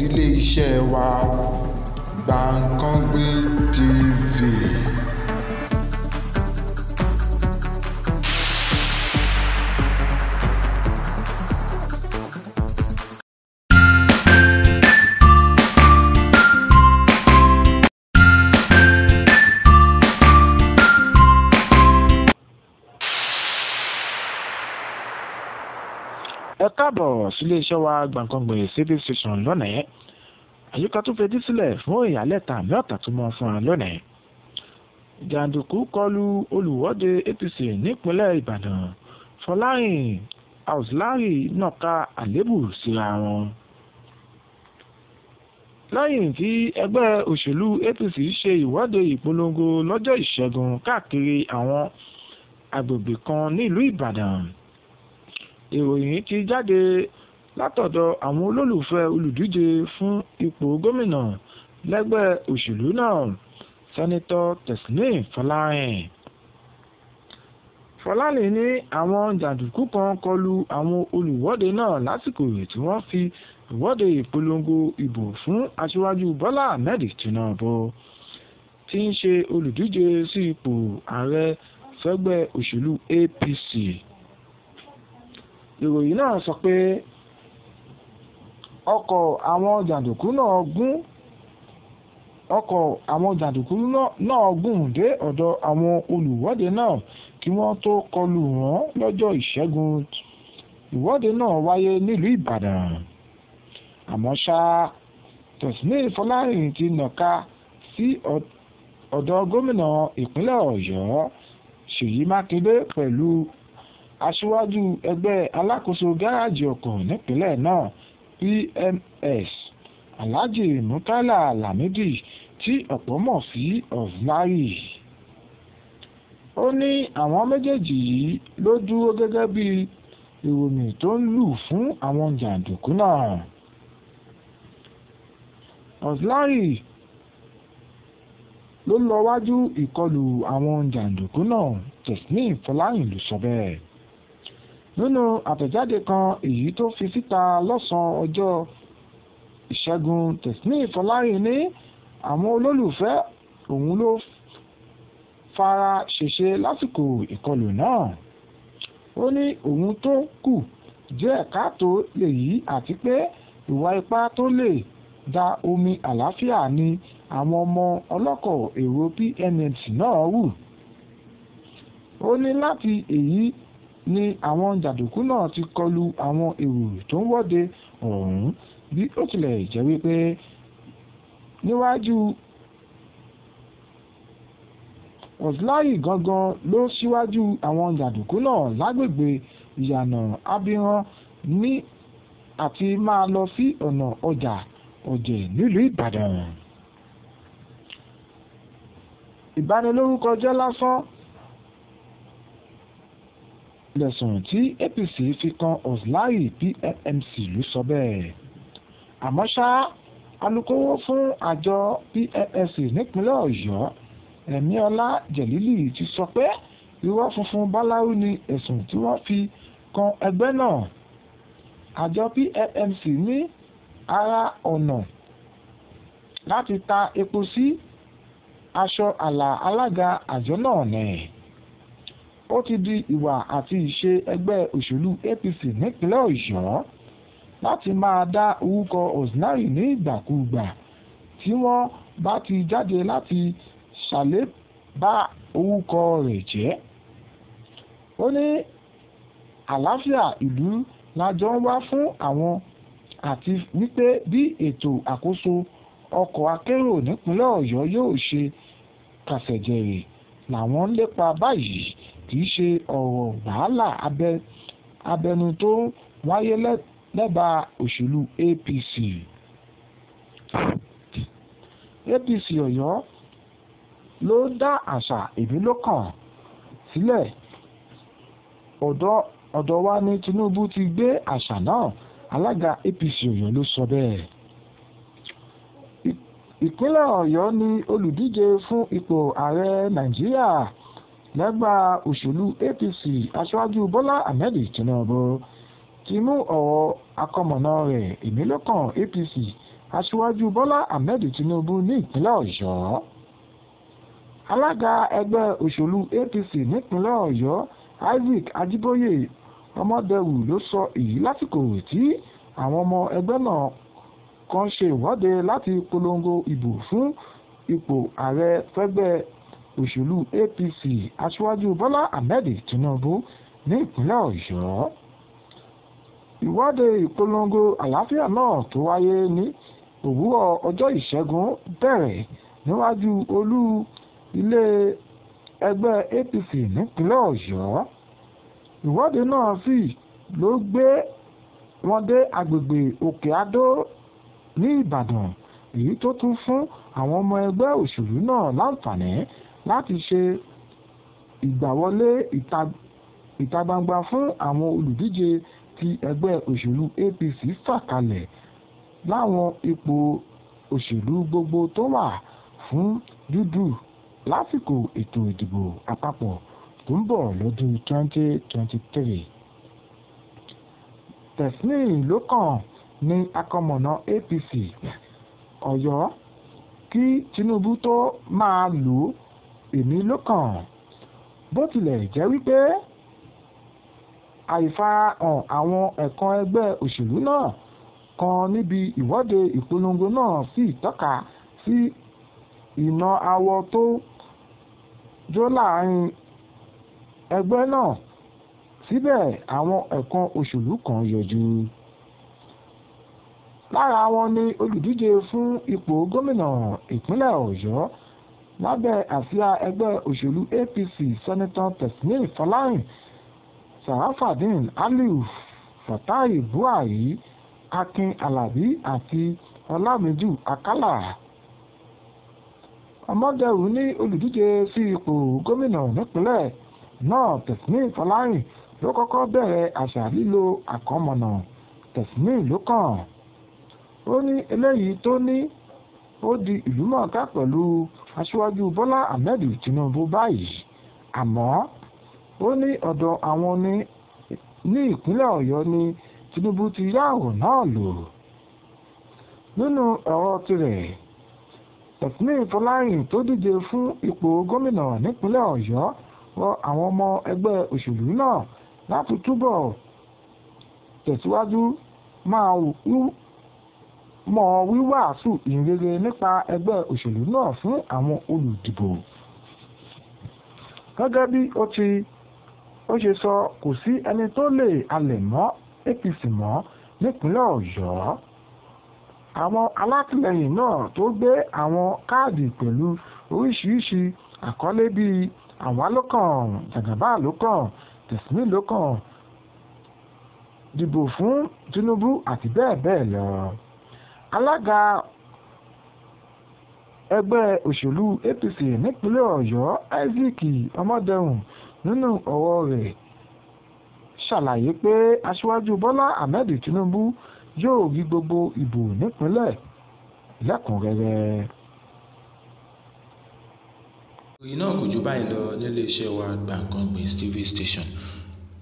sílé iṣẹ́ wa Gbankanbi TV. káàbọ̀ sílé iṣẹ́ wa Gbankangbèyè civil station lónìí àyíká tó fetí sílẹ̀ fún ìyálẹ̀ta àmì ọ̀tà tó mọ fún wa lónìí. jàǹdùkú kọlu olùwọ́de APC nípínlẹ̀ Ìbàdàn Fọlárin Auxilary nàka àlébù síra wọn. lẹ́yìn tí ẹgbẹ́ òṣèlú APC ṣe ìwọ́de ìpolongo lọ́jọ́ ìṣẹ́gun káàkiri àwọn agbègbè kan nílùú Ìbàdàn ìròyìn ti jáde látọ̀dọ̀ àwọn olólùfẹ́ olùdíje fún ipò gómìnà lẹ́gbẹ́ òṣèlú náà sẹ́nitọ́ Teslim Fọlárin Fọlárin ní àwọn jàǹdùkú kan kọlu àwọn olùwọ́de náà lásìkò tí wọ́n fi ìwọ́de ìpolongo ìbò fún aṣíwájú Bọ́lá Ahmed Tinubu tí ń ṣe olùdíje sí ipò ààrẹ fẹ́gbẹ́ òṣèlú APC ìròyìn náà sọ pé ọkọ̀ àwọn jàǹdùkú náà gún ọkọ̀ àwọn jàǹdùkú náà gùn dé ọ̀dọ̀ àwọn olùwọ́de náà kí wọ́n tó kọlù wọ́n lọ́jọ́ ìṣẹ́gun ìwọ́de náà wáyé nílùú ìbàdàn àmọ́ ṣá tòsílẹ̀ fọlárin ti nàka sí ọ̀dọ̀ gómìnà ìpínlẹ̀ ọ̀yọ́ ṣèyí mákindé pẹ̀lú aṣíwájú ẹgbẹ́ alákòóso gáráàjì ọkọ̀ nípínlẹ̀ náà PMS Alhaji Murtala Lamidi tí ọ̀pọ̀ mọ̀ sí Ordinary ó ní àwọn méjèèjì yìí ló dúró gẹ́gẹ́ bí ìròyìn tó ń lù fún àwọn jàǹdùkú náà Ordinary ló lọ wájú ìkọlù àwọn jàǹdùkú náà Teslim Fọláyìn ló sọ bẹ́ẹ̀ nínú àtẹ̀jáde kan èyí tó fi síta lọ́sàn-án ọjọ́ ìṣẹ́gun tẹ̀síní ìfọlárin ní àwọn olólùfẹ́ òun ló fara ṣèṣe lásìkò ìkọlù náà ó ní òun tó kù jẹ́ káàtó lèyí àti pé ìwà ipá tó lè da omi àlàáfíà ni àwọn ọmọ ọlọ́kọ̀ èrò PNNC náà wù ó ní láti èyí ni àwọn jàǹdùkú náà ti kọlu àwọn èrò tó ń wọ́de ọ̀hún bí ó tilẹ̀ jẹ́ wípé níwájú ọ̀sùláyì gangan ló ṣíwájú àwọn jàǹdùkú náà lágbègbè ìyànà abiran ní àti máa lọ sí ọ̀nà ọjà ọ̀jẹ̀ nílùú ìbàdàn ìbanilórúkọ lásán lẹ̀sùn tí APC fi kan Ọ̀sláì PFMC ló sọ bẹ́ẹ̀ àmọ́ ṣá alukóró fún àjọ PFMC nípínlẹ̀ Ọ̀yọ́ Ẹ̀míọlá Jẹ̀lílì ti sọ pé irọ́ funfun báláwú ni ẹ̀sùn tí wọ́n fi kan ẹgbẹ́ náà àjọ PFMC ní ara ọ̀nà láti ta epo sí aṣọ àlà alága àjọ náà nẹ̀ ó ti di ìwà àti ìṣe ẹgbẹ́ òṣèlú APC nípínlẹ̀ Ọ̀yọ́ láti máa dá orúkọ Osinayi ní ìgbàkúgbà tí wọ́n bá ti jáde láti ṣàlébà orúkọ rẹ̀ jẹ́ ó ní àlàáfíà ìlú la jọ ń wá fún àwọn àti wípé bí ètò àkóso ọkọ̀ akérò nípínlẹ̀ Ọ̀yọ́ yóò ṣe kàṣẹ̀jẹ̀rẹ̀ làwọn ń lépa báyìí kì í ṣe ọ̀rọ̀ wàhálà abẹnu tó wáyé lẹ́bàá òṣèlú APC APC Ọ̀yọ́ ló dá àṣà ìbílòkàn sílẹ̀ ọ̀dọ̀ wa ní Tinubu ti gbé àṣà náà alága APC Ọ̀yọ́ ló sọ bẹ́ẹ̀ ìpínlẹ̀ Ọ̀yọ́ ni olùdíje fún ipò ààrẹ Nàìjíríà lẹ́gbà òṣèlú APC aṣáájú Bọ́lá Ahmed Tinubu ti mú ọ̀rọ̀ akọmọ̀nà rẹ̀ ìmílọ́kàn APC aṣáájú Bọ́lá Ahmed Tinubu ní ìpínlẹ̀ Ọ̀yọ́ alága ẹgbẹ́ òṣèlú APC nípínlẹ̀ Ọ̀yọ́ Isaac Ajíbóyè Ọmọdẹwù ló sọ èyí lásìkò tí àwọn ọmọ ẹgbẹ́ náà kan ṣe ìwọ́de láti polongo ìbò fún ipò ààrẹ fẹ́gbẹ́ òṣèlú APC aṣíwájú Bọ́lá Ahmed Tinubu ní ìpínlẹ̀ Ọ̀yọ́ ìwọ́de ìpolongo àlàáfíà náà tó wáyé ní òwúrọ̀ ọjọ́ ìṣẹ́gun bẹ̀rẹ̀ níwájú olú ilé ẹgbẹ́ APC nípínlẹ̀ Ọ̀yọ́ ìwọ́de náà sì ló gbé wọn dé agbègbè Òkè Adó ní Ìbàdàn èyí tó tún fún àwọn ọmọ ẹgbẹ́ òṣèlú náà láǹfààní láti ṣe ìgbàwọlé ìta gbangba fún àwọn olùdíje tí ẹgbẹ́ òṣèlú APC fà kalẹ̀ láwọn ipò òṣèlú gbogbo tó wà fún dúdú lásìkò ètò ìdìbò àpapọ̀ tó ń bọ̀ lọ́dún 2023. Teslim Lókàn ni akọmọ̀nà APC Ọ̀yọ́ kí Tinubu tó máa lò ó èmi ló kàn bó tilẹ̀ jẹ́ wípé àìfarahàn àwọn ẹ̀kan ẹgbẹ́ òṣèlú náà kan níbi ìwọ́de ìpolongo náà sì tọ́ka sí ìná àwọ̀ tó jó láàrin ẹgbẹ́ náà síbẹ̀ àwọn ẹ̀kan òṣèlú kan yọjú lára wọn ni olùdíje fún ipò gómìnà ìpínlẹ̀ ọ̀yọ́ lábẹ́ àsíá ẹgbẹ́ òṣèlú APC sẹ́nitọ́ Tesmil Fọlárin Sarafadin Aliu Fatai Buhari Akin Alabi àti Ọlámìjú Akálà ọmọdéwu ní olùdíje sí ipò gómìnà nípínlẹ̀ náà Tesmil Fọlárin ló kọ́kọ́ bẹ̀rẹ̀ àṣà lílo àkọ́mọ̀nà Tesmil ló kàn ó ní eléyìí tó ní ó di ìlú mọ̀ọ́ká pẹ̀lú aṣíwájú bọ́lá ahmed tinubu báyìí àmọ́ ó ní ọ̀dọ̀ àwọn ní ní ìpínlẹ̀ ọ̀yọ́ ni tinubu ti yá ọ̀rọ̀ náà lò nínú ọ̀rọ̀ tirẹ̀ tẹ̀sílẹ̀ fọláyìn tó díje fún ipò gómìnà nípínlẹ̀ ọ̀yọ́ rọ àwọn ọmọ ẹgbẹ́ òṣèlú náà láti túbọ̀ tẹ̀síwájú máa wù mọ́ wíwàásù ìrere nípa ẹgbẹ́ òṣèlú náà fún àwọn olùdìbò gẹ́gẹ́ bí ó ti ó ṣe sọ kò sí ẹni tó lè halẹ̀ mọ́ APC mọ́ nípínlẹ̀ Ọ̀yọ́ àwọn alátìlẹyìn náà tó gbé àwọn káàdì pẹ̀lú oríṣiríṣi àkọlé bíi àwa ló kàn jàgàbá ló kàn tẹ̀símì ló kàn dìbò fún Tinubu àti bẹ́ẹ̀ bẹ́ẹ̀ lọ alága ẹgbẹ́ òṣèlú APC nípínlẹ̀ ọ̀yọ́ isaac ọmọdéhùn nínú ọ̀rọ̀ rẹ̀ ṣàlàyé pé aṣíwájú bọ́lá ahmed tinubu yóò rí gbogbo ìbò nípínlẹ̀ lẹ́kùnrẹ́rẹ́. ìròyìn náà kò jù báyìí lọ nílé iṣẹ́ wa Gbankanbi TV station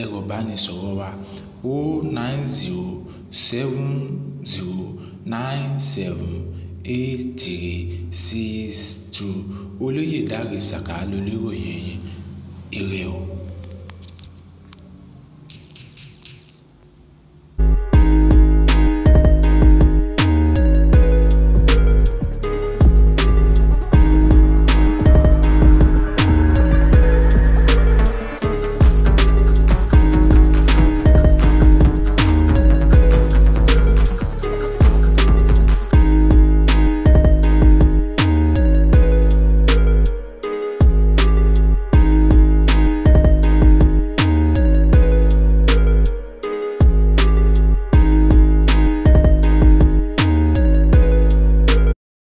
ẹ̀rọ ìbánisọ̀rọ̀ wa o nine zero seven zero nine seven eight three six two. Olóyèdárì Sàká lolóròyìn yìí.